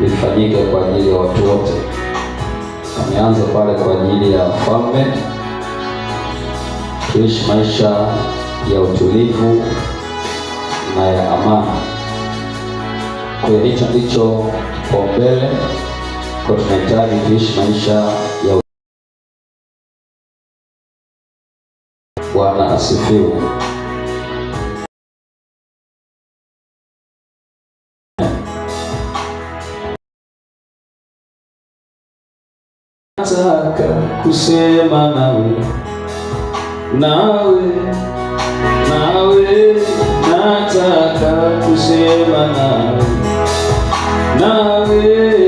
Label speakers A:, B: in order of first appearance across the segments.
A: lifanyike kwa ajili ya watu wote. Ameanza pale kwa ajili ya mfalme kuishi maisha ya utulivu na ya amani. Kwa hiyo hicho ndicho kipaumbele, kwa tunahitaji kuishi maisha ya Bwana asifiwe.
B: Nataka kusema nawe, nawe, nawe, nataka kusema nawe, nawe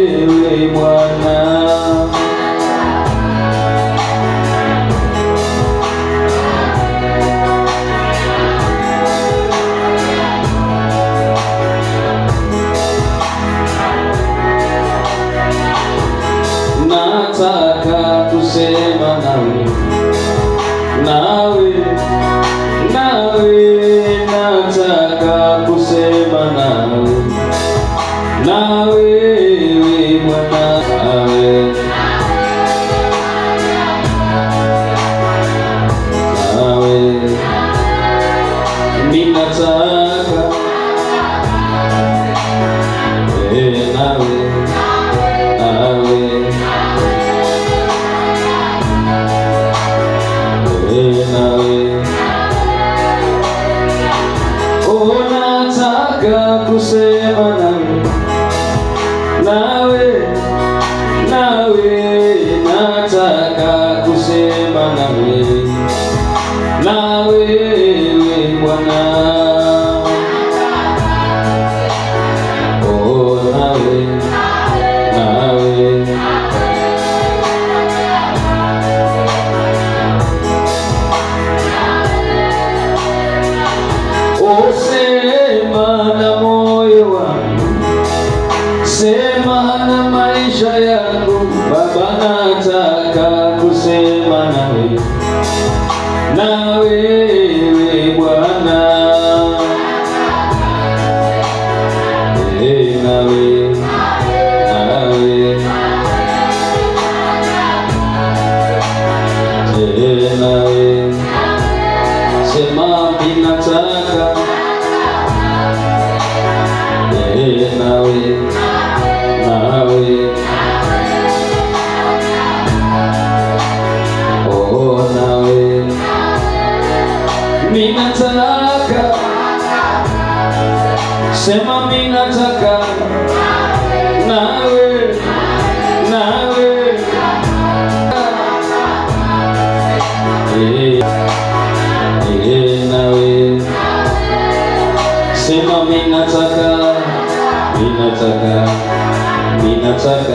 B: you. Mina talaka Sema mina taka Nawe Nawe Nawe eh, eh, Nawe Sema mina taka Mina taka Mina taka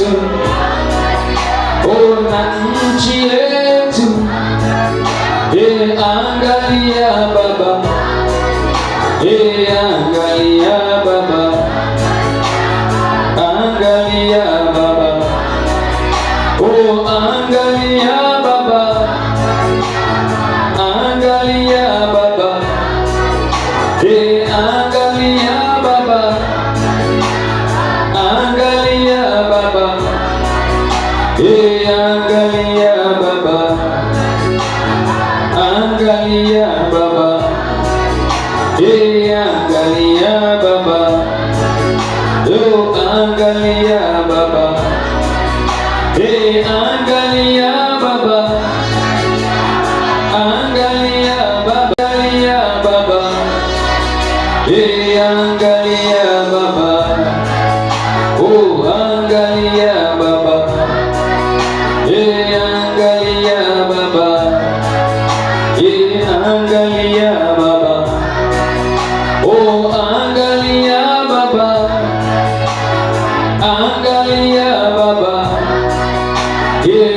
B: yetu, ona nchi yetu, e, angalia Baba, e, angalia Angalia Baba, do Angalia. Oh, Baba, Baba, yeah.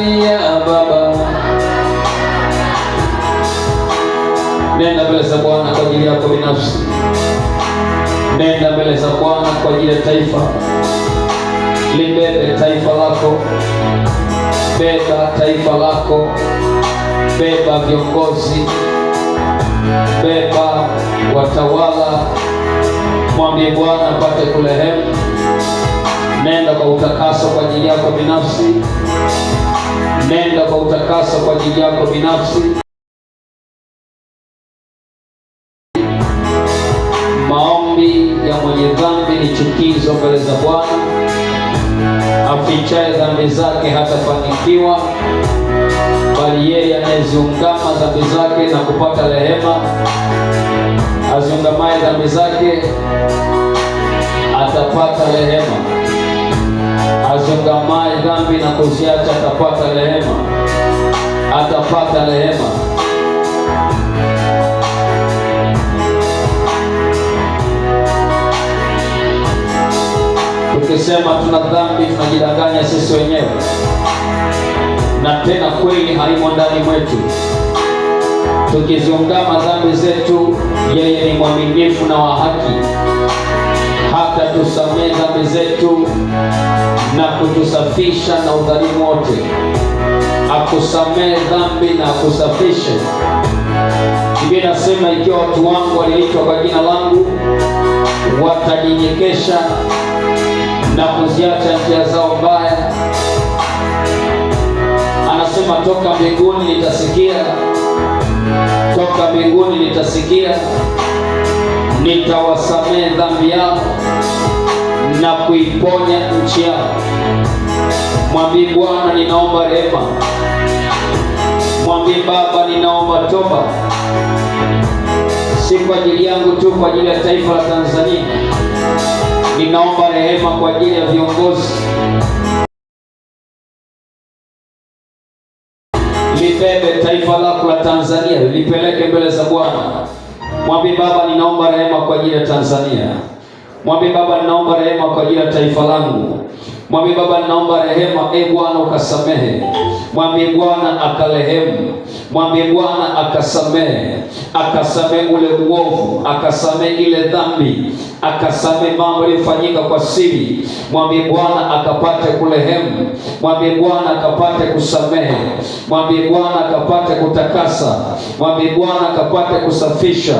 B: ndani Baba.
A: Nenda mbele za Bwana kwa ajili yako binafsi, nenda mbele za Bwana kwa ajili ya taifa, libebe taifa lako, beba taifa lako, beba viongozi, beba watawala, mwambie Bwana apate kurehemu. Nenda kwa utakaso kwa ajili yako binafsi. Nenda kwa utakaso kwa ajili yako binafsi. Maombi ya mwenye dhambi ni chukizo mbele za Bwana. Afichaye dhambi zake hatafanikiwa, bali yeye anayeziungama dhambi zake na kupata rehema, aziungamaye dhambi zake atapata rehema ashangamaye dhambi na kuziacha atapata rehema, atapata rehema. Tukisema tuna dhambi tunajidanganya sisi wenyewe, na tena kweli haimo ndani mwetu. Tukiziungama dhambi zetu, yeye ni mwaminifu na wa haki hata tusamehe dhambi zetu na kutusafisha na udhalimu wote, akusamee dhambi na akusafishe. Biblia inasema ikiwa watu wangu walioitwa kwa jina langu watajinyekesha na kuziacha njia zao mbaya, anasema toka mbinguni nitasikia, toka mbinguni nitasikia, nitawasamee dhambi yao na kuiponya nchi yako. Mwambie Bwana, ninaomba rehema. Mwambie Baba, ninaomba toba, si kwa ajili yangu tu, kwa ajili ya taifa la Tanzania. Ninaomba rehema kwa ajili ya viongozi. Libebe taifa lako la Tanzania, lipeleke mbele za Bwana. Mwambie Baba, ninaomba rehema kwa ajili ya Tanzania. Mwambie Baba, ninaomba rehema kwa ajili ya taifa langu Mwambie Baba, naomba rehema, e Bwana ukasamehe. Mwambie Bwana akarehemu. Mwambie Bwana akasamehe, akasamehe ule uovu, akasamehe ile dhambi, akasamehe mambo yaliyofanyika kwa siri. Mwambie Bwana akapate kurehemu. Mwambie Bwana akapate kusamehe. Mwambie Bwana akapate kutakasa. Mwambie Bwana akapate kusafisha.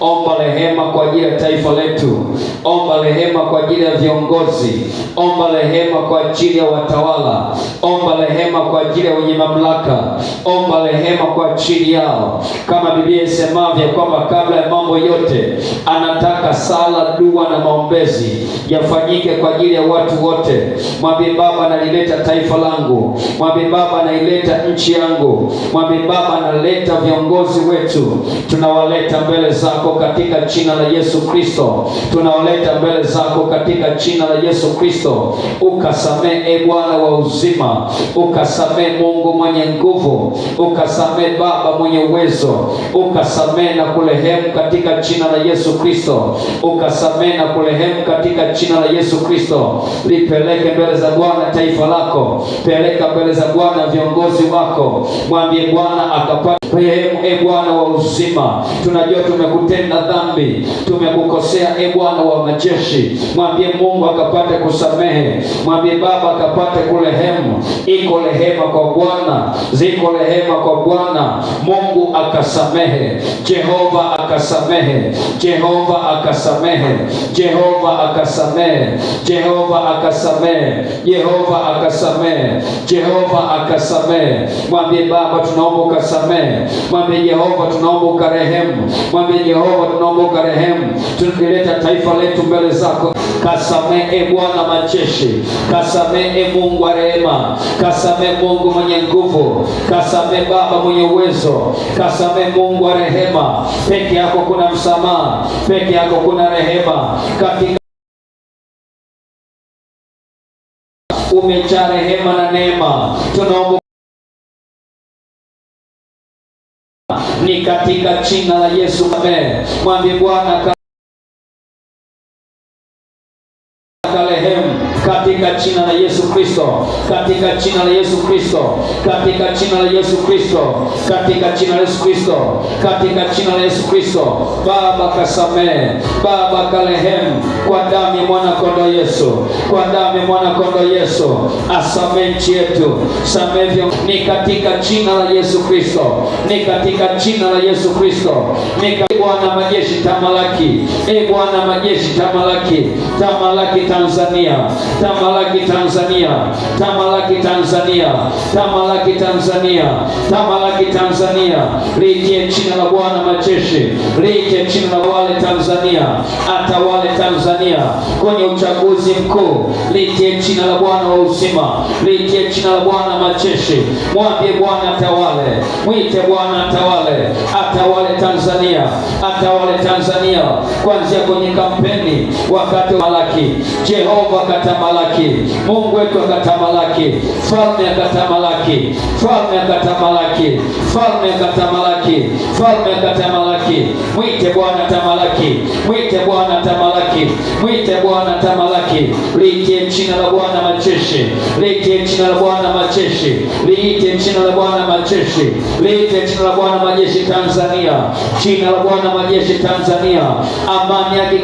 A: Omba rehema kwa ajili ya taifa letu, omba rehema kwa ajili ya viongozi, omba rehema rehema kwa ajili ya watawala, omba rehema kwa ajili ya wenye mamlaka, omba rehema kwa ajili yao, kama Biblia isemavyo kwamba kabla ya mambo yote anataka sala, dua na maombezi yafanyike kwa ajili ya watu wote. Mwambie Baba, nalileta taifa langu, mwambie Baba, naileta nchi yangu, mwambie Baba, naleta viongozi wetu, tunawaleta mbele zako katika jina la Yesu Kristo, tunawaleta mbele zako katika jina la Yesu Kristo ukasamee e Bwana wa uzima, ukasamee Mungu mwenye nguvu, ukasamee Baba mwenye uwezo, ukasamee na kurehemu katika jina la Yesu Kristo, ukasamee na kurehemu katika jina la Yesu Kristo. Lipeleke mbele za Bwana taifa lako, peleka mbele za Bwana viongozi wako, mwambie Bwana akapate rehemu e Bwana wa uzima, tunajua tumekutenda dhambi, tumekukosea e Bwana wa majeshi, mwambie Mungu akapate kusamehe Mwambie Baba kule kulehemu. Iko rehema kwa Bwana, ziko rehema kwa Bwana. Mungu akasamehe, Jehova akasamehe, Jehova akasamehe, Jehova akasamehe, Jehova akasamehe, Jehova akasamehe, Jehova akasamehe. Mwambie Baba tunaomba ukasamehe. Mwambie Jehova tunaomba ukarehemu. Mwambie Jehova tunaomba ukarehemu. tukileta taifa letu mbele zako, kasamehe Bwana majeshi Kasamehe Mungu wa rehema, kasamehe Mungu mwenye nguvu, kasamehe Baba mwenye uwezo, kasamehe Mungu wa rehema. Peke yako kuna msamaha, peke yako kuna rehema katika umejaa rehema na neema, tunaomba ni katika jina la Yesu. Amen. Mwambie Bwana katika jina la Yesu Kristo, katika jina la Yesu Kristo, katika jina la Yesu Kristo, katika jina la Yesu Kristo, katika jina la Yesu Kristo. Baba kasamehe, Baba karehemu, kwa damu ya mwana kondo Yesu, kwa damu ya mwana kondo Yesu, asamehe nchi yetu, samevyo ni katika jina la Yesu Kristo, ni katika jina la Yesu Kristo, ni Bwana majeshi tamalaki, e Bwana majeshi tamalaki, tamalaki Tanzania, tamalaki Tamalaki Tanzania, tamalaki Tanzania, tamalaki Tanzania, tamalaki Tanzania, liitie jina la Bwana majeshi, liitie jina la wale Tanzania, atawale Tanzania kwenye uchaguzi mkuu, liitie jina la Bwana wa uzima, liitie jina la Bwana majeshi. Mwambie Bwana atawale, mwite Bwana atawale, atawale Tanzania, atawale Tanzania, kuanzia kwenye kampeni, wakati malaki Jehova katamalaki akatamalaki, Mungu wetu akatamalaki, falme akatamalaki, falme akatamalaki, falme akatamalaki, falme akatamalaki. Mwite Bwana tamalaki, mwite Bwana tamalaki, mwite Bwana tamalaki. Liite jina la Bwana macheshi, liite jina la Bwana macheshi, liite jina la Bwana macheshi, liite jina la Bwana majeshi Tanzania, jina la Bwana majeshi Tanzania, amani yake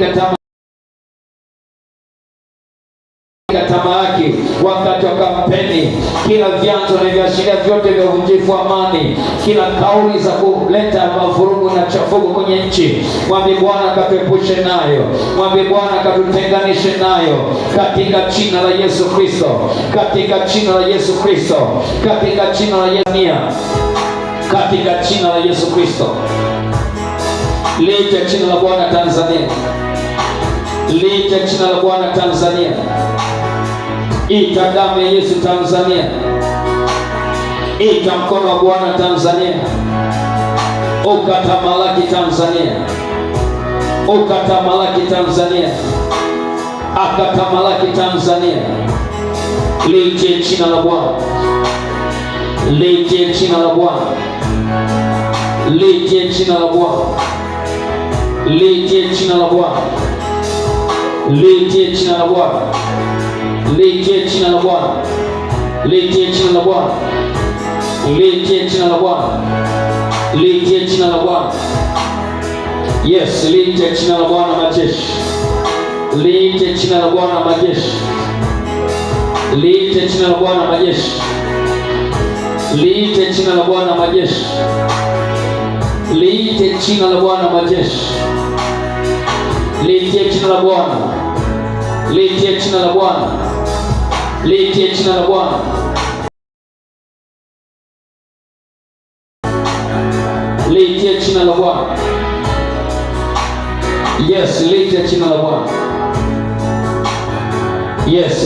A: kufikia tamaa yake wakati wa kampeni. Kila vyanzo na viashiria vyote vya uvunjifu wa amani, kila kauli za kuleta mavurugu na chafuko kwenye nchi, mwambie Bwana katuepushe nayo, mwambie Bwana katutenganishe nayo, katika jina la Yesu Kristo, katika jina la Yesu Kristo, katika jina la Yesu, katika jina la Yesu Kristo. Lita jina la Bwana Tanzania, lita jina la Bwana Tanzania. Ita damu ya Yesu Tanzania, ita mkono wa Bwana Tanzania, ukatamalaki Tanzania, ukatamalaki Tanzania, akatamalaki Tanzania. Litie jina la Bwana, litie jina la Bwana, litie jina la Bwana, litie jina la Bwana, litie jina la Bwana. Litie jina la Bwana, litie jina la Bwana, litie jina la Bwana, litie jina la Bwana. Yes, liite jina la Bwana majeshi, liite jina la Bwana majeshi, liite jina la Bwana majeshi, liite jina la Bwana majeshi, liite jina la Bwana majeshi, liite jina la Bwana, liite jina la Bwana Litie jina la Bwana. Litie jina la Bwana. Yes, litie jina la Bwana. Yes.